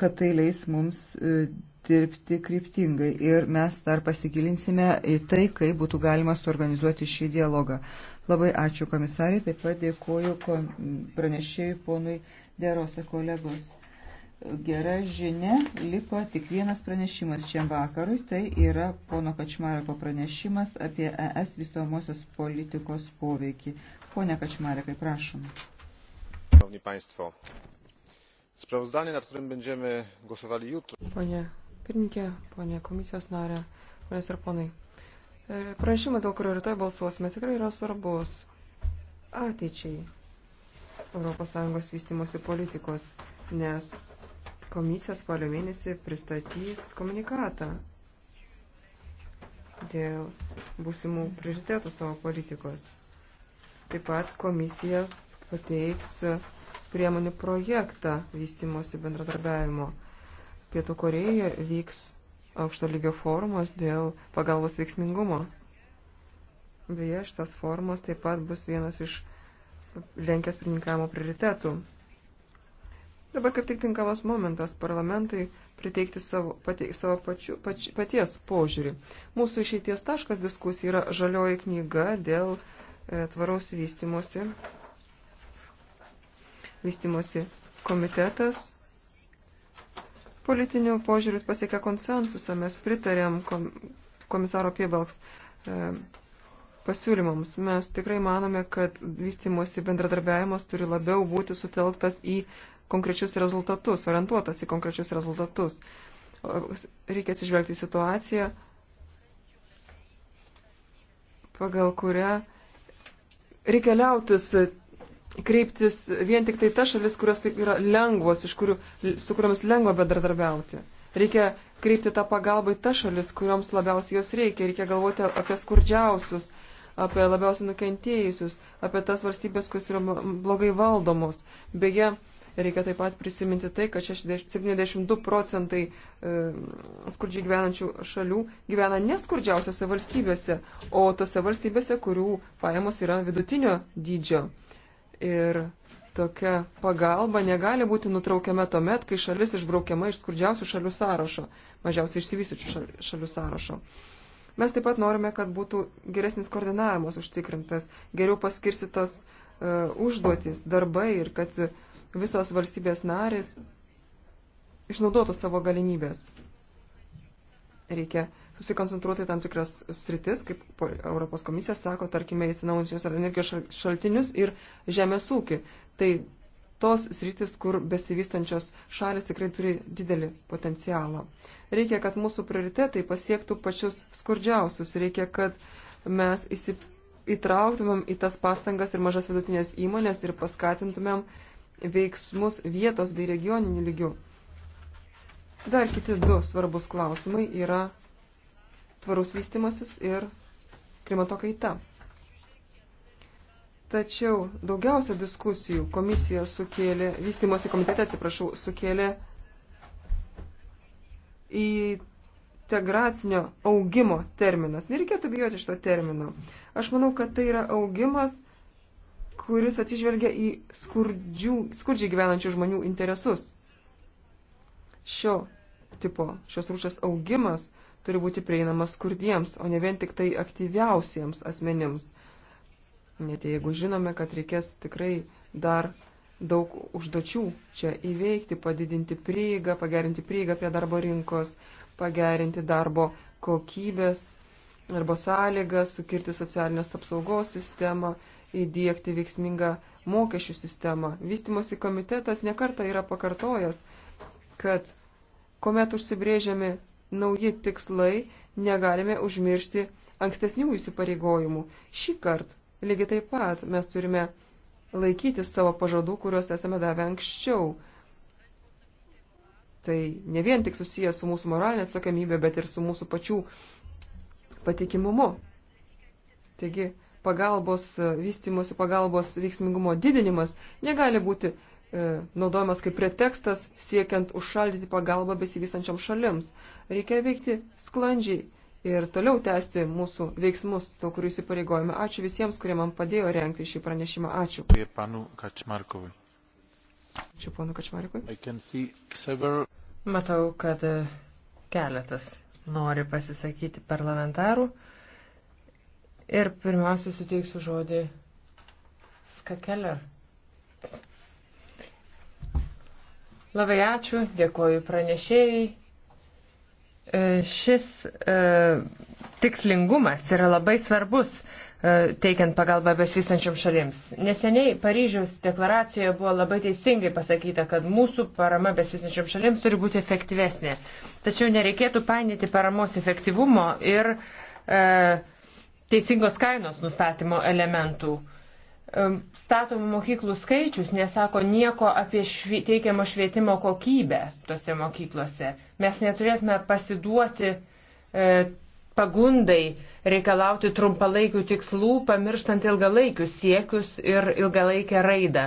kad tai leis mums e, dirbti kryptingai ir mes dar pasigilinsime į tai, kaip būtų galima suorganizuoti šį dialogą. Labai ačiū komisariai, taip pat dėkoju pranešėjui ponui Derose kolegos. Gera žinia, liko tik vienas pranešimas šiam vakarui, tai yra pono Kačmareko pranešimas apie ES visuomosios politikos poveikį. Pone Kačmarekai, prašom. Panie Państwo, Sprawozdanie, nad którym będziemy głosowali jutro. Panie pirmininkė, panie komisijos narė, ponės ir e, ponai. Pranešimas, dėl kurio rytoj balsuosime, tikrai yra svarbus ateičiai ES vystimosi politikos, nes komisija spalio mėnesį pristatys komunikatą dėl būsimų prioritėtų savo politikos. Taip pat komisija pateiks priemonių projektą vystimosi bendradarbiavimo. Pietų Koreja vyks aukšto lygio forumas dėl pagalbos veiksmingumo. Beje, šitas forumas taip pat bus vienas iš Lenkijos pirmininkavimo prioritetų. Dabar kaip tik tinkamas momentas parlamentui priteikti savo, pati, savo pačiu, pač, paties požiūrį. Mūsų išeities taškas diskusija yra žalioji knyga dėl e, tvaraus vystimosi vystimosi komitetas politinių požiūrių pasiekė konsensusą. Mes pritarėm komisaro Piebalks e, pasiūlymams. Mes tikrai manome, kad vystimosi bendradarbiavimas turi labiau būti sutelktas į konkrečius rezultatus, orientuotas į konkrečius rezultatus. Reikia atsižvelgti į situaciją, pagal kurią reikia liautis kreiptis vien tik tai tas šalis, kurios yra lengvos, kurių, su kuriomis lengva bendradarbiauti. Reikia kreipti tą pagalbą į tas šalis, kurioms labiausiai jos reikia. Reikia galvoti apie skurdžiausius, apie labiausiai nukentėjusius, apie tas valstybės, kurios yra blogai valdomos. Beje, reikia taip pat prisiminti tai, kad 72 procentai e, skurdžiai gyvenančių šalių gyvena neskurdžiausiose valstybėse, o tose valstybėse, kurių pajamos yra vidutinio dydžio. Ir tokia pagalba negali būti nutraukiama tuomet, kai šalis išbraukiama iš skurdžiausių šalių sąrašo, mažiausiai išsivysiučių šalių sąrašo. Mes taip pat norime, kad būtų geresnis koordinavimas užtikrintas, geriau paskirsitos uh, e, užduotis, darbai ir kad visos valstybės narės išnaudotų savo galimybės. Reikia susikoncentruoti tam tikras sritis, kaip Europos komisija sako, tarkime, įsinaujančius energijos šaltinius ir žemės ūkį. Tai tos sritis, kur besivystančios šalis tikrai turi didelį potencialą. Reikia, kad mūsų prioritetai pasiektų pačius skurdžiausius. Reikia, kad mes įtrauktumėm į tas pastangas ir mažas vidutinės įmonės ir paskatintumėm veiksmus vietos bei regioninių lygių. Dar kiti du svarbus klausimai yra tvarus vystimasis ir klimato kaita. Tačiau daugiausia diskusijų komisija sukėlė, vystimosi komitete, atsiprašau, sukėlė integracinio augimo terminas. Nereikėtų bijoti šito termino. Aš manau, kad tai yra augimas, kuris atsižvelgia į skurdžių, skurdžiai gyvenančių žmonių interesus. Šio tipo, šios rūšės augimas turi būti prieinamas skurdiems, o ne vien tik tai aktyviausiems asmenims. Net jeigu žinome, kad reikės tikrai dar daug užduočių čia įveikti, padidinti prieigą, pagerinti prieigą prie darbo rinkos, pagerinti darbo kokybės arba sąlygas, sukirti socialinės apsaugos sistemą, įdėkti veiksmingą mokesčių sistemą. Vystimosi komitetas nekarta yra pakartojęs, kad kuomet užsibrėžiami nauji tikslai, negalime užmiršti ankstesnių įsipareigojimų. Šį kartą lygiai taip pat mes turime laikytis savo pažadų, kuriuos esame davę anksčiau. Tai ne vien tik susijęs su mūsų moralinė atsakomybė, bet ir su mūsų pačių patikimumu. Taigi, pagalbos, vystimosi pagalbos veiksmingumo didinimas negali būti E, naudojamas kaip pretekstas siekiant užšaldyti pagalbą besivystančiam šalims. Reikia veikti sklandžiai ir toliau tęsti mūsų veiksmus, dėl kurių įsipareigojame. Ačiū visiems, kurie man padėjo renkti šį pranešimą. Ačiū. Ačiū ponu Kačmarikui. Several... Matau, kad e, keletas nori pasisakyti parlamentarų. Ir pirmiausia, suteiksiu žodį Skakeler. Labai ačiū, dėkoju pranešėjai. E, šis e, tikslingumas yra labai svarbus e, teikiant pagalbą besivystančiam šalims. Neseniai Paryžiaus deklaracijoje buvo labai teisingai pasakyta, kad mūsų parama besivystančiam šalims turi būti efektyvesnė. Tačiau nereikėtų painyti paramos efektyvumo ir e, teisingos kainos nustatymo elementų. E, statomų mokyklų skaičius nesako nieko apie švi, teikiamo švietimo kokybę tose mokyklose. Mes neturėtume pasiduoti e, pagundai reikalauti trumpalaikių tikslų, pamirštant ilgalaikius siekius ir ilgalaikę raidą.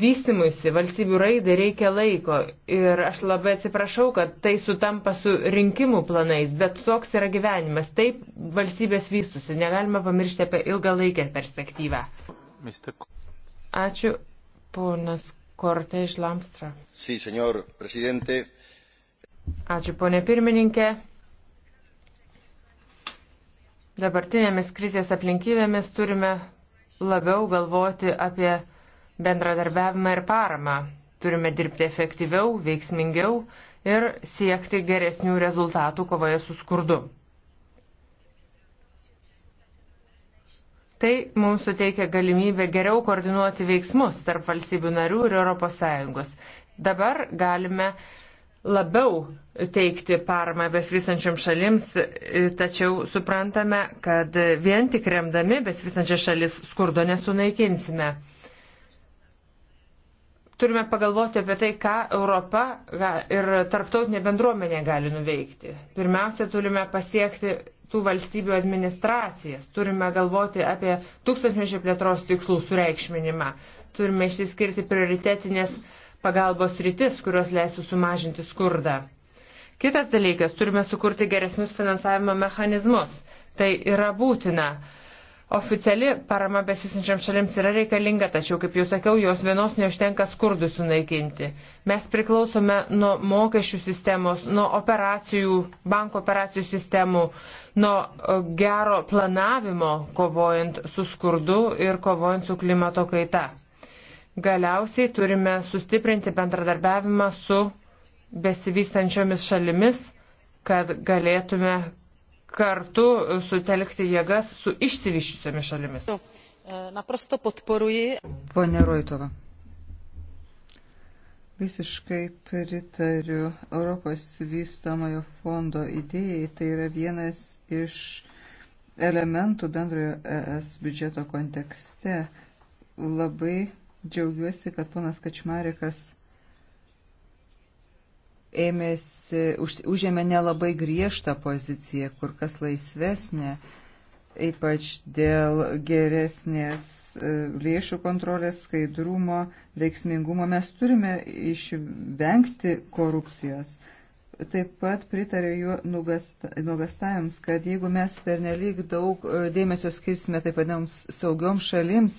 Vystimuisi valstybių raidai reikia laiko ir aš labai atsiprašau, kad tai sutampa su rinkimų planais, bet toks yra gyvenimas. Taip valstybės vystusi, negalima pamiršti apie ilgalaikę perspektyvą. Mr. Ačiū, ponas Kortež Lamstra. Sí, senor presidente. Ačiū, ponė pirmininkė. Dabartinėmis krizės aplinkybėmis turime labiau galvoti apie bendradarbiavimą ir paramą. Turime dirbti efektyviau, veiksmingiau ir siekti geresnių rezultatų kovoje su skurdu. Tai mums suteikia galimybę geriau koordinuoti veiksmus tarp valstybių narių ir ES. Dabar galime labiau teikti paramą besvysančiam šalims, tačiau suprantame, kad vien tik remdami besvysančias šalis skurdo nesunaikinsime. Turime pagalvoti apie tai, ką Europa ir tarptautinė bendruomenė gali nuveikti. Pirmiausia, turime pasiekti tų valstybių administracijas. Turime galvoti apie tūkstantmečio plėtros tikslų sureikšminimą. Turime išsiskirti prioritetinės pagalbos rytis, kurios leistų sumažinti skurdą. Kitas dalykas, turime sukurti geresnius finansavimo mechanizmus. Tai yra būtina. Oficiali parama besisinčiam šalims yra reikalinga, tačiau, kaip jau sakiau, jos vienos neužtenka skurdų sunaikinti. Mes priklausome nuo mokesčių sistemos, nuo operacijų, banko operacijų sistemų, nuo e, gero planavimo kovojant su skurdu ir kovojant su klimato kaita. Galiausiai turime sustiprinti bendradarbiavimą su besivystančiomis šalimis, kad galėtume kartu sutelkti jėgas su išsivyščiusiomis šalimis. Nu, e, naprosto podporuji. Pone Roitova. Visiškai pritariu Europos vystamojo fondo idėjai. Tai yra vienas iš elementų bendrojo ES biudžeto kontekste. Labai džiaugiuosi, kad ponas Kačmarikas ėmėsi, už, užėmė nelabai griežtą poziciją, kur kas laisvesnė, ypač dėl geresnės e, lėšų kontrolės, skaidrumo, veiksmingumo. Mes turime išvengti korupcijos taip pat pritariu jų nuogastavimams, kad jeigu mes pernelyg daug e, dėmesio skirsime taip vadinams saugioms šalims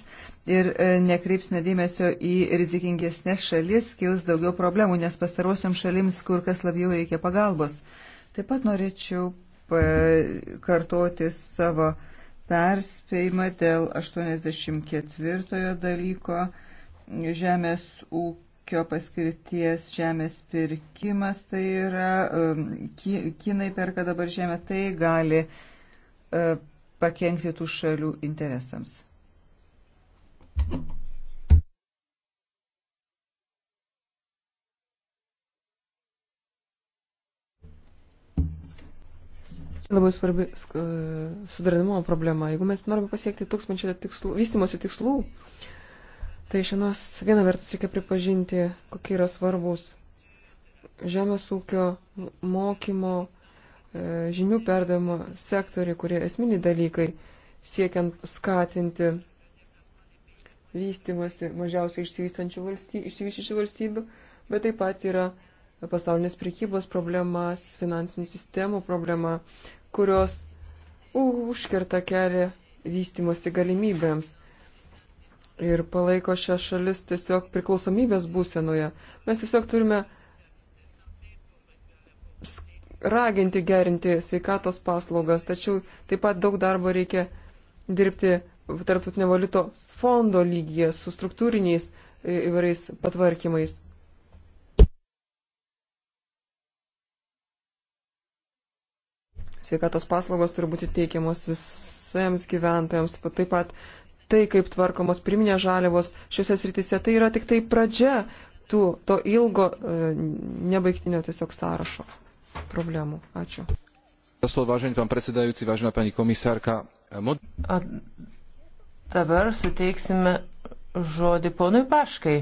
ir e, nekreipsime dėmesio į rizikingesnės šalis, kils daugiau problemų, nes pastarosiam šalims kur kas labiau reikia pagalbos. Taip pat norėčiau kartoti savo perspėjimą dėl 84 dalyko žemės ūkio kokio paskirties žemės pirkimas tai yra, um, kinai perka dabar žemę, tai gali e, pakengti tų šalių interesams. Labai svarbi e, sudarinimo problema. Jeigu mes norime pasiekti tūkstančio tikslų, vystimosi tikslų, Tai šiandienos viena vertus reikia pripažinti, kokie yra svarbus žemės ūkio mokymo, e, žinių perdavimo sektoriai, kurie esminiai dalykai siekiant skatinti vystimasi mažiausiai išsivystančių valstybių, valstybių, bet taip pat yra pasaulinės prekybos problemas, finansinių sistemų problema, kurios užkerta kelią vystimosi galimybėms ir palaiko šią šalis tiesiog priklausomybės būsenoje. Mes tiesiog turime raginti gerinti sveikatos paslaugas, tačiau taip pat daug darbo reikia dirbti tarptautinio valiutos fondo lygyje su struktūriniais įvairiais patvarkymais. Sveikatos paslaugos turi būti teikiamos visiems gyventojams, taip pat tai, kaip tvarkomos priminės žaliavos šiuose srityse, tai yra tik tai pradžia tų, to ilgo e, nebaigtinio tiesiog sąrašo problemų. Ačiū. A, dabar suteiksime žodį ponui Paškai.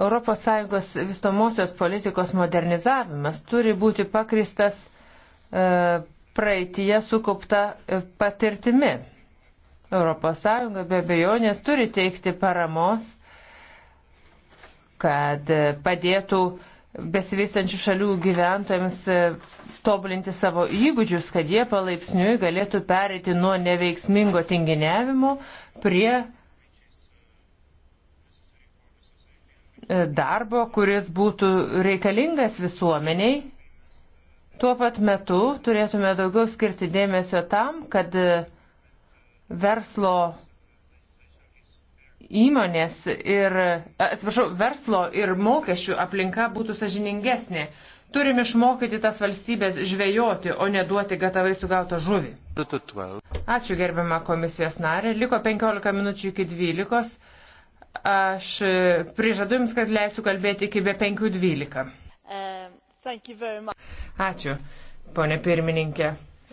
ES vystomosios politikos modernizavimas turi būti pakristas e, praeitie sukaupta e, patirtimi. ES be abejonės turi teikti paramos, kad e, padėtų besivystančių šalių gyventojams e, tobulinti savo įgūdžius, kad jie palaipsniui galėtų pereiti nuo neveiksmingo tinginiavimo prie e, darbo, kuris būtų reikalingas visuomeniai. Tuo pat metu turėtume daugiau skirti dėmesio tam, kad verslo įmonės ir, atsiprašau, verslo ir mokesčių aplinka būtų sažiningesnė. Turim išmokyti tas valstybės žvejoti, o ne duoti gatavai sugautą žuvį. Ačiū gerbiama komisijos narė. Liko 15 minučių iki 12. Aš prižadu Jums, kad leisiu kalbėti iki be 5.12. Um, Ačiū, ponė pirmininkė.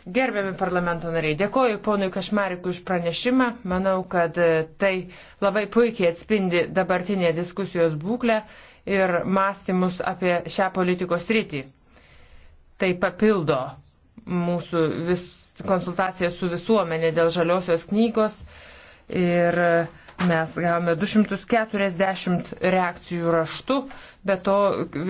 Gerbiami parlamento nariai, dėkoju ponui Kašmarikui už pranešimą. Manau, kad e, tai labai puikiai atspindi dabartinę diskusijos būklę ir mąstymus apie šią politikos rytį. Tai papildo mūsų vis, konsultaciją su visuomenė dėl žaliosios knygos ir mes gavome 240 reakcijų raštų, bet to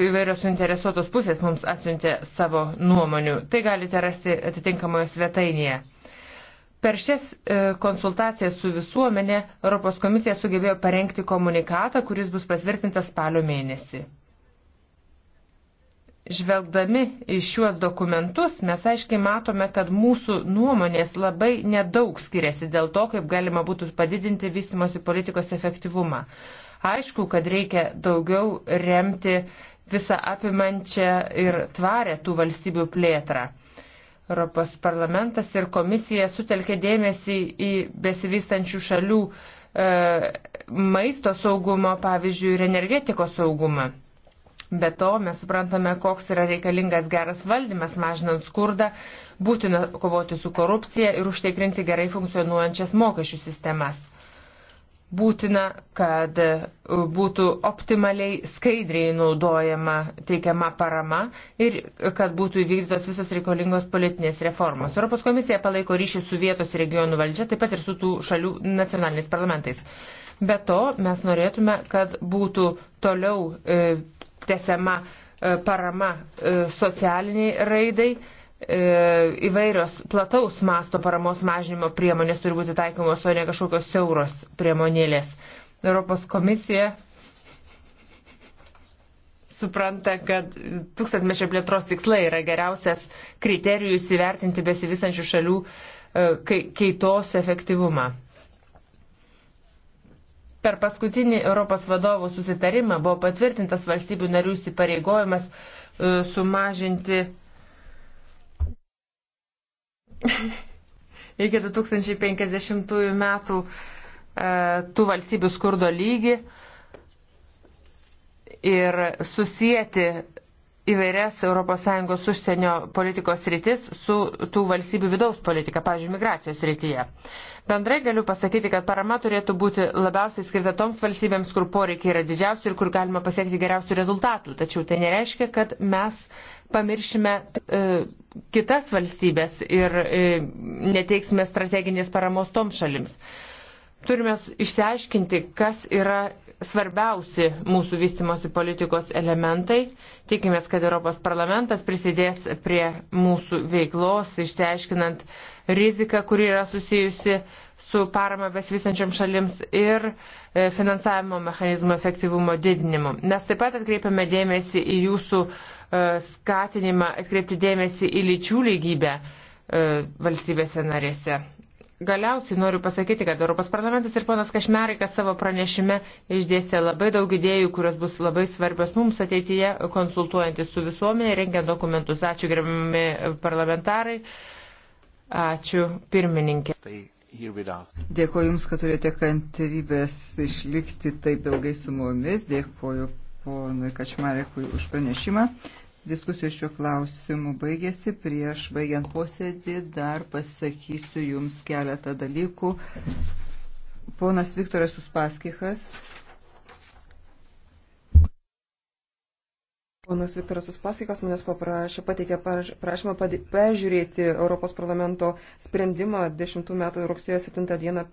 įvairios suinteresuotos pusės mums atsiuntė savo nuomonių. Tai galite rasti atitinkamoje svetainėje. Per šias e, konsultacijas su visuomenė Europos komisija sugebėjo parengti komunikatą, kuris bus patvirtintas spalio mėnesį. Žvelgdami į šiuos dokumentus mes aiškiai matome, kad mūsų nuomonės labai nedaug skiriasi dėl to, kaip galima būtų padidinti vystimosi politikos efektyvumą. Aišku, kad reikia daugiau remti visą apimančią ir tvarę tų valstybių plėtrą. Europos parlamentas ir komisija sutelkė dėmesį į besivystančių šalių e, maisto saugumo, pavyzdžiui, ir energetikos saugumą. Be to, mes suprantame, koks yra reikalingas geras valdymas, mažinant skurdą, būtina kovoti su korupcija ir užtikrinti gerai funkcionuojančias mokesčių sistemas. Būtina, kad būtų optimaliai skaidriai naudojama teikiama parama ir kad būtų įvykdytos visos reikalingos politinės reformos. Europos komisija palaiko ryšį su vietos regionų valdžia, taip pat ir su tų šalių nacionaliniais parlamentais. Be to, mes norėtume, kad būtų toliau. E, tesiama e, parama e, socialiniai raidai, e, įvairios plataus masto paramos mažinimo priemonės turi būti taikomos, o ne kažkokios siauros priemonėlės. Europos komisija supranta, kad tūkstantmečio plėtros tikslai yra geriausias kriterijus įvertinti besivysančių šalių kaitos efektyvumą. Per paskutinį Europos vadovų susitarimą buvo patvirtintas valstybių narių įsipareigojimas e, sumažinti iki 2050 metų e, tų valstybių skurdo lygį ir susijęti įvairias ES užsienio politikos rytis su tų valstybių vidaus politika, pavyzdžiui, migracijos rytyje. Bendrai galiu pasakyti, kad parama turėtų būti labiausiai skirta toms valstybėms, kur poreikiai yra didžiausi ir kur galima pasiekti geriausių rezultatų. Tačiau tai nereiškia, kad mes pamiršime e, kitas valstybės ir e, neteiksime strateginės paramos toms šalims turime išsiaiškinti, kas yra svarbiausi mūsų vystimosi politikos elementai. Tikimės, kad Europos parlamentas prisidės prie mūsų veiklos, išsiaiškinant riziką, kuri yra susijusi su parama besvysančiam šalims ir e, finansavimo mechanizmo efektyvumo didinimu. Mes taip pat atkreipiame dėmesį į jūsų e, skatinimą atkreipti dėmesį į lyčių lygybę e, valstybėse narėse. Galiausiai noriu pasakyti, kad Europos parlamentas ir ponas Kašmerikas savo pranešime išdėstė labai daug idėjų, kurios bus labai svarbios mums ateityje, konsultuojantis su visuomenė, rengiant dokumentus. Ačiū gerbiami parlamentarai, ačiū pirmininkė. Dėkuoju Jums, kad turėjote kantrybės išlikti taip ilgai su mumis. Dėkuoju ponui Kačmarekui už pranešimą. Diskusijos šiuo klausimu baigėsi. Prieš baigiant posėdį dar pasakysiu Jums keletą dalykų. Ponas Viktoras Uspaskichas. Ponas Viktoras Uspaskikas manęs paprašė, pateikė prašymą peržiūrėti Europos parlamento sprendimą 10 metų rugsėjo 7 dieną